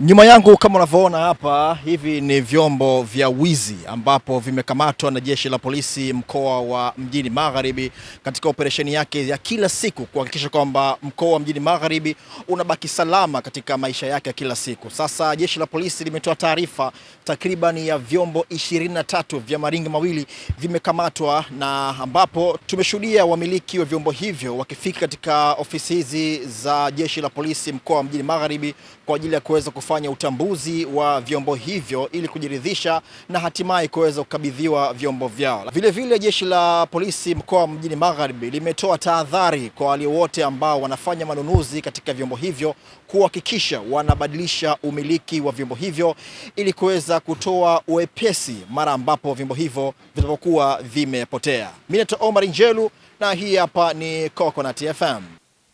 Nyuma yangu kama unavyoona hapa, hivi ni vyombo vya wizi ambapo vimekamatwa na jeshi la polisi mkoa wa Mjini Magharibi katika operesheni yake ya kila siku kuhakikisha kwamba mkoa wa Mjini Magharibi unabaki salama katika maisha yake ya kila siku. Sasa jeshi la polisi limetoa taarifa takriban ya vyombo 23 vya maringi mawili vimekamatwa, na ambapo tumeshuhudia wamiliki wa vyombo hivyo wakifika katika ofisi hizi za jeshi la polisi mkoa wa Mjini Magharibi kwa ajili ya kuweza kufanya utambuzi wa vyombo hivyo ili kujiridhisha na hatimaye kuweza kukabidhiwa vyombo vyao. Vilevile, jeshi la polisi mkoa wa Mjini Magharibi limetoa tahadhari kwa wale wote ambao wanafanya manunuzi katika vyombo hivyo kuhakikisha wanabadilisha umiliki wa vyombo hivyo ili kuweza kutoa uwepesi mara ambapo vyombo hivyo vitapokuwa vimepotea. Mimi naitwa Omar Njelu na hii hapa ni Coconut FM.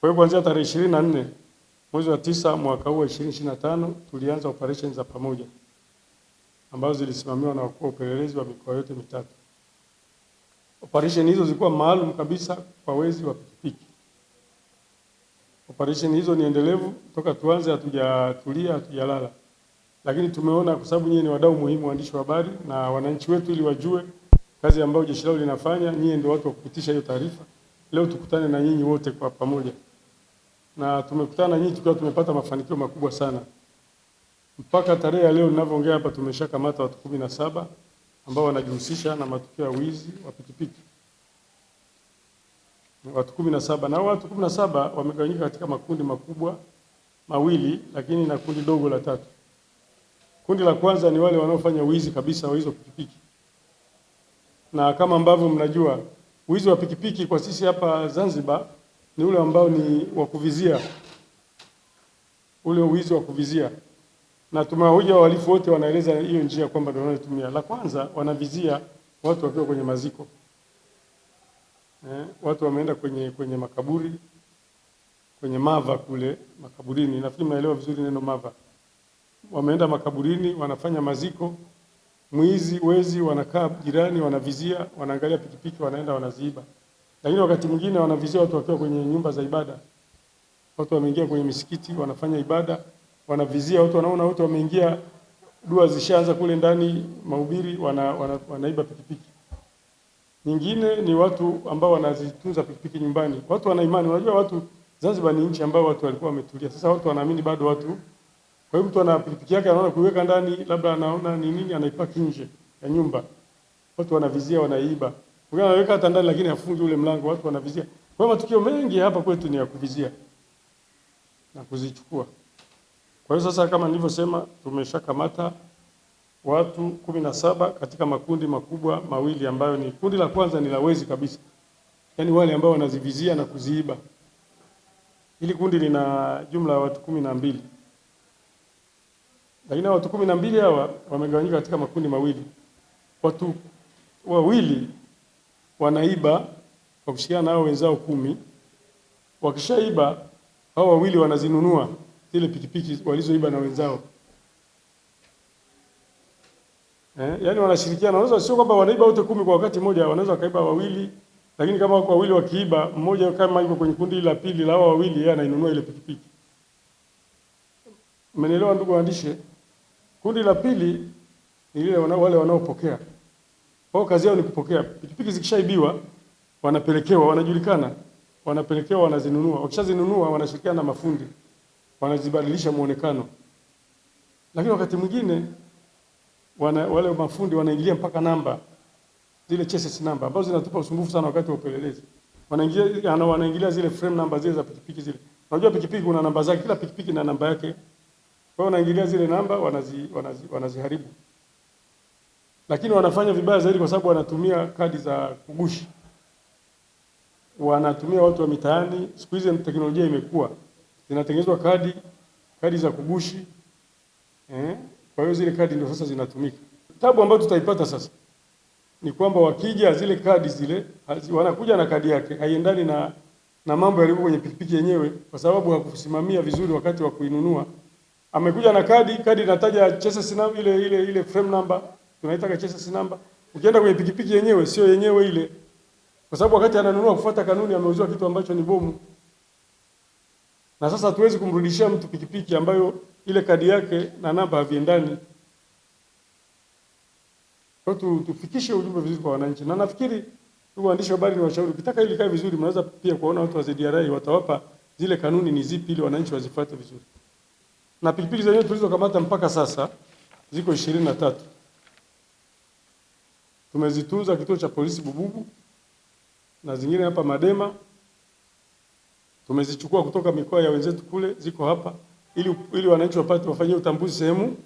Kwa hiyo kuanzia tarehe 24 Mwezi wa tisa mwaka huu wa 2025 tulianza operesheni za pamoja ambazo zilisimamiwa na wakuu wa upelelezi wa mikoa yote mitatu. Operesheni hizo zilikuwa maalum kabisa kwa wezi wa pikipiki. Operesheni hizo ni endelevu, toka tuanze hatujatulia, hatujalala, lakini tumeona kwa sababu nyie ni wadau muhimu, waandishi wa habari na wananchi wetu, ili wajue kazi ambayo jeshi lao linafanya. Nyie ndio watu wa kupitisha hiyo taarifa. Leo tukutane na nyinyi wote kwa pamoja na tumekutana nyinyi tukiwa tumepata mafanikio makubwa sana. Mpaka tarehe ya leo ninavyoongea hapa, tumeshakamata watu kumi na saba ambao wanajihusisha na matukio ya wizi wa pikipiki, watu kumi na saba na watu kumi na saba wamegawanyika katika makundi makubwa mawili, lakini na kundi dogo la tatu. Kundi la kwanza ni wale wanaofanya wizi kabisa wa hizo pikipiki, na kama ambavyo mnajua wizi wa pikipiki kwa sisi hapa Zanzibar ni ule ambao ni wa kuvizia, ule uwizi wa kuvizia, na tumewahoja wahalifu wote, wanaeleza hiyo njia kwamba ndio wanatumia. La kwanza wanavizia watu wakiwa kwenye maziko eh, watu wameenda kwenye, kwenye makaburi kwenye mava kule makaburini, nafikiri mnaelewa vizuri neno mava. Wameenda makaburini, wanafanya maziko. Mwizi wezi wanakaa jirani, wanavizia, wanaangalia pikipiki, wanaenda wanaziiba. Lakini wakati mwingine wanavizia watu wakiwa kwenye nyumba za ibada, watu wameingia kwenye misikiti wanafanya ibada, wanavizia watu, wanaona watu wameingia, dua zishaanza kule ndani, mahubiri, wana, wana, wanaiba pikipiki. Nyingine ni watu ambao wanazitunza pikipiki nyumbani, watu wana imani. Unajua watu Zanzibar ni nchi ambayo watu walikuwa wametulia, sasa watu wanaamini bado watu. Kwa hiyo mtu ana pikipiki yake anaona kuiweka ndani, labda anaona ni nini, anaipaki nje ya nyumba, watu wanavizia, wanaiba. Ukiwa anaweka hata ndani lakini afungi ule mlango, watu wanavizia. Kwa hiyo matukio mengi hapa kwetu ni ya kuvizia na kuzichukua. Kwa hiyo sasa, kama nilivyosema, tumeshakamata watu kumi na saba katika makundi makubwa mawili, ambayo ni kundi la kwanza ni la wezi kabisa, yaani wale ambao wanazivizia na kuziiba. Hili kundi lina jumla ya watu kumi na mbili lakini watu kumi na mbili hawa wamegawanyika katika makundi mawili, watu wawili wanaiba kwa na nao wenzao kumi. Wakishaiba hao wawili wanazinunua zile pikipiki walizoiba na wenzao eh, yaani wanashirikiana. Wanaweza sio kwamba wanaiba wote kumi kwa wakati mmoja, wanaweza wakaiba wawili, lakini kama wako wawili wakiiba, mmoja kama yuko kwenye kundi la pili la hao wawili, yeye anainunua ile pikipiki. Mmenielewa ndugu waandishi? Kundi la pili ni lile wale wanaopokea kwa kazi yao ni kupokea. Pikipiki zikishaibiwa wanapelekewa, wanajulikana, wanapelekewa, wanazinunua. Wakishazinunua wanashirikiana na mafundi, wanazibadilisha muonekano. Lakini wakati mwingine wana, wale mafundi wanaingilia mpaka namba zile chassis namba ambazo zinatupa usumbufu sana wakati wa upelelezi. Wanaingia wanaingilia zile frame namba zile za pikipiki zile. Unajua pikipiki kuna namba zake, kila pikipiki na namba yake. Kwa hiyo wanaingilia zile namba wanazi, wanazi, wanaziharibu lakini wanafanya vibaya zaidi kwa sababu wanatumia kadi za kugushi, wanatumia watu wa mitaani. Siku hizi teknolojia imekuwa, zinatengenezwa kadi kadi za kugushi eh. Kwa hiyo zile kadi ndio sasa zinatumika. Tabu ambayo tutaipata sasa ni kwamba wakija zile kadi zile hazi, wanakuja na kadi yake haiendani na na mambo yalivyo kwenye pikipiki yenyewe, kwa sababu hakusimamia vizuri wakati wa kuinunua. Amekuja na kadi, kadi inataja chassis na ile ile ile frame number tunaita chassis number. Ukienda kwenye pikipiki yenyewe sio yenyewe ile, kwa sababu wakati ananunua kufuata kanuni ameuziwa kitu ambacho ni bomu, na sasa hatuwezi kumrudishia mtu pikipiki ambayo ile kadi yake na namba haviendani. Kwa tu tufikishe ujumbe vizuri kwa wananchi, na nafikiri ndugu waandishi habari, ni washauri, ukitaka ili kae vizuri, mnaweza pia kuona watu wa ZDRI watawapa zile kanuni ni zipi, ili wananchi wazifuate vizuri. Na pikipiki zenyewe tulizokamata mpaka sasa ziko ishirini na tatu tumezitunza kituo cha polisi Bububu na zingine hapa Madema, tumezichukua kutoka mikoa ya wenzetu kule, ziko hapa ili, ili wananchi wapate wafanyie utambuzi sehemu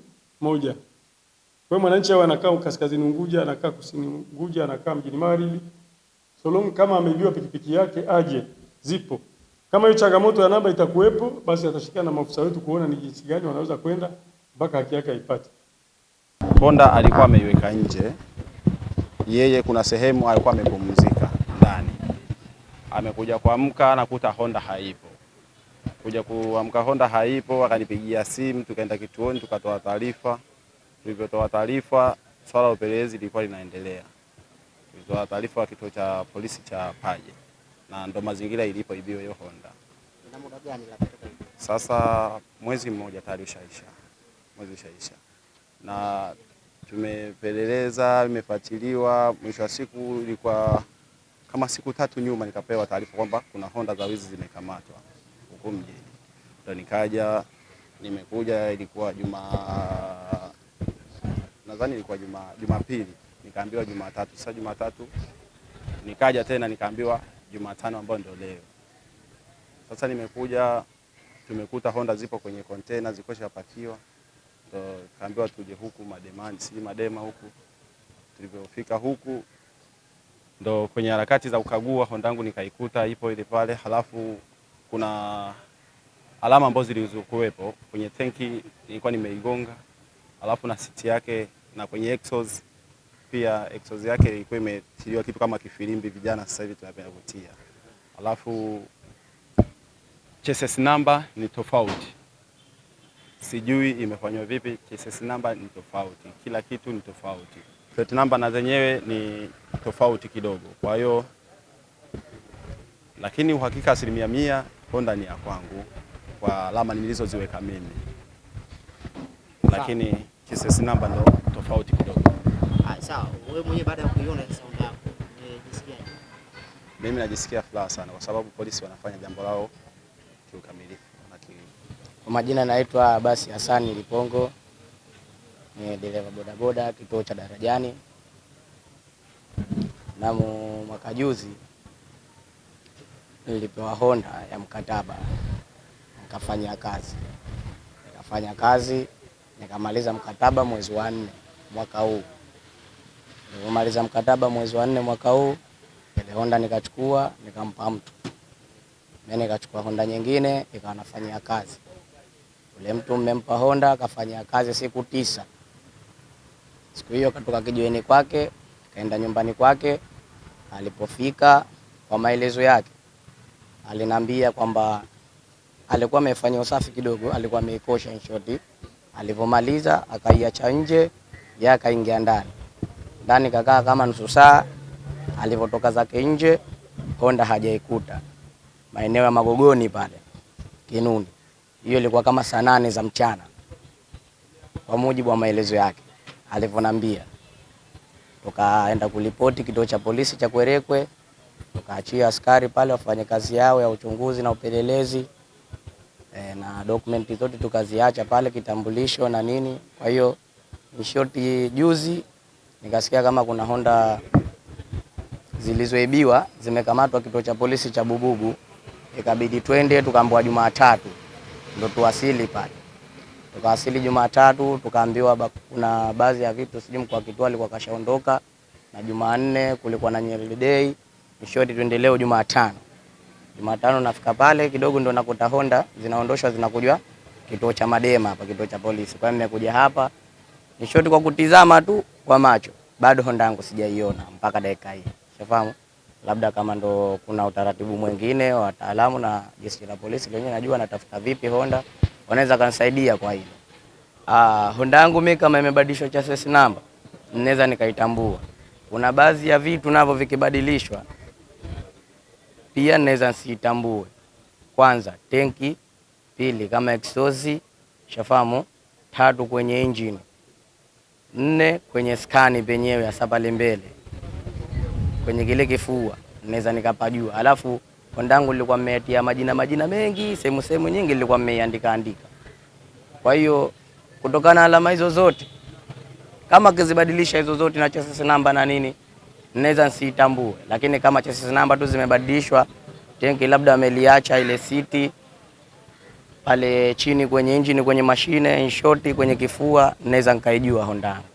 moja. Kwa hiyo mwananchi awe anakaa kaskazini Unguja, anakaa kusini Unguja, anakaa mjini Magharibi, so long kama ameibiwa pikipiki yake aje, zipo. Kama hiyo changamoto ya namba itakuwepo, basi atashikana na maafisa wetu kuona ni jinsi gani wanaweza kwenda mpaka haki yake aipate. Honda alikuwa ameiweka nje yeye kuna sehemu alikuwa amepumzika ndani, amekuja kuamka nakuta Honda haipo. Kuja kuamka Honda haipo, akanipigia simu, tukaenda kituoni, tukatoa taarifa. Tulivyotoa taarifa, swala la upelelezi lilikuwa linaendelea. Tulitoa taarifa wa kituo cha polisi cha Paje, na ndo mazingira ilipo ibio hiyo Honda. Sasa mwezi mmoja tayari ushaisha, mwezi ushaisha na tumepeleleza, imefuatiliwa. Mwisho wa siku ilikuwa kama siku tatu nyuma, nikapewa taarifa kwamba kuna honda za wizi zimekamatwa huko mjini, ndo nikaja, nimekuja. Ilikuwa juma nadhani ilikuwa juma Jumapili, nikaambiwa Jumatatu. Sasa Jumatatu nikaja tena nikaambiwa Jumatano ambayo ndio leo. Sasa nimekuja tumekuta honda zipo kwenye kontena zikoshapakiwa tukaambiwa tuje huku Mademani, si Madema huku. Tulivyofika huku ndo kwenye harakati za ukagua Honda yangu nikaikuta ipo ile pale, halafu kuna alama ambazo zilizokuwepo kwenye tenki ilikuwa nimeigonga, alafu na siti yake na kwenye exhaust pia, exhaust yake ilikuwa imetiliwa kitu kama kifilimbi, vijana sasa hivi tunapenda kutia, Halafu chassis number ni tofauti sijui imefanywa vipi. Cases namba ni tofauti, kila kitu ni tofauti. Plate namba na zenyewe ni tofauti kidogo, kwa hiyo lakini uhakika asilimia mia Honda ni ya kwangu kwa alama nilizoziweka mimi, lakini cases namba ndo tofauti kidogo. Ah, sawa, wewe mwenyewe baada ya kuiona sound yako Mimi najisikia furaha sana kwa sababu polisi wanafanya jambo lao kiukamilifu na kwa majina naitwa basi Hasani Lipongo, ni dereva bodaboda kituo cha Darajani. Mnamo mwaka juzi nilipewa Honda ya mkataba, nikafanya kazi nikafanya kazi nikamaliza mkataba mwezi wa nne mwaka huu. Nilipomaliza mkataba mwezi wa nne mwaka huu, ile Honda nikachukua nikampa mtu mimi, nikachukua Honda nyingine ikawa nafanyia kazi yule mtu mmempa Honda akafanya kazi siku tisa. Siku hiyo katoka kijiweni kwake kaenda nyumbani kwake. Alipofika, kwa maelezo yake, alinambia kwamba alikuwa amefanya usafi kidogo, alikuwa ameikosha inshoti. Alipomaliza akaiacha nje, yeye akaingia ndani. Ndani kakaa kama nusu saa, alipotoka zake nje Honda hajaikuta maeneo ya Magogoni pale Kinuni hiyo ilikuwa kama saa nane za mchana, kwa mujibu wa maelezo yake alivyonambia. Tukaenda kulipoti kituo cha polisi cha Kwerekwe, tukaachia askari pale wafanye kazi yao ya uchunguzi na upelelezi e, na dokumenti zote tukaziacha pale, kitambulisho na nini. Kwa hiyo ni juzi nikasikia kama kuna Honda zilizoibiwa zimekamatwa kituo cha polisi cha Bububu, ikabidi twende, tukaambiwa Jumatatu ndo tuwasili pale. Tukawasili Jumatatu tukaambiwa kuna baadhi ya vitu, sijui mkuu wa kituo alikuwa kashaondoka, na Jumanne kulikuwa na Nyerere Day, mshoti twende Jumatano. Jumatano nafika pale kidogo, ndo nakuta Honda zinaondoshwa zinakuja kituo cha Madema hapa, kituo cha polisi. Kwa hiyo nimekuja hapa mshoti kwa kutizama tu kwa macho, bado Honda yangu sijaiona mpaka dakika hii, shafahamu labda kama ndo kuna utaratibu mwingine wataalamu na jeshi la polisi lenye najua natafuta vipi Honda wanaweza kanisaidia kwa hilo. Ah, Honda yangu mimi kama imebadilishwa chassis namba ninaweza nikaitambua. Kuna baadhi ya vitu navyo vikibadilishwa pia ninaweza nisitambue. Kwanza tenki, pili kama exhaust shafamu, tatu kwenye engine, nne kwenye skani penyewe ya pale mbele kwenye kile kifua naweza nikapajua. Alafu kondangu nilikuwa nimetia majina majina mengi, sehemu sehemu nyingi nilikuwa mmeiandika andika. Kwa hiyo kutokana na alama hizo zote, kama kizibadilisha hizo zote na chassis namba na nini, naweza nsitambue. lakini kama chassis namba tu zimebadilishwa, tenki labda ameliacha ile siti pale chini kwenye injini, kwenye mashine, in short kwenye kifua, naweza nkaijua hondangu.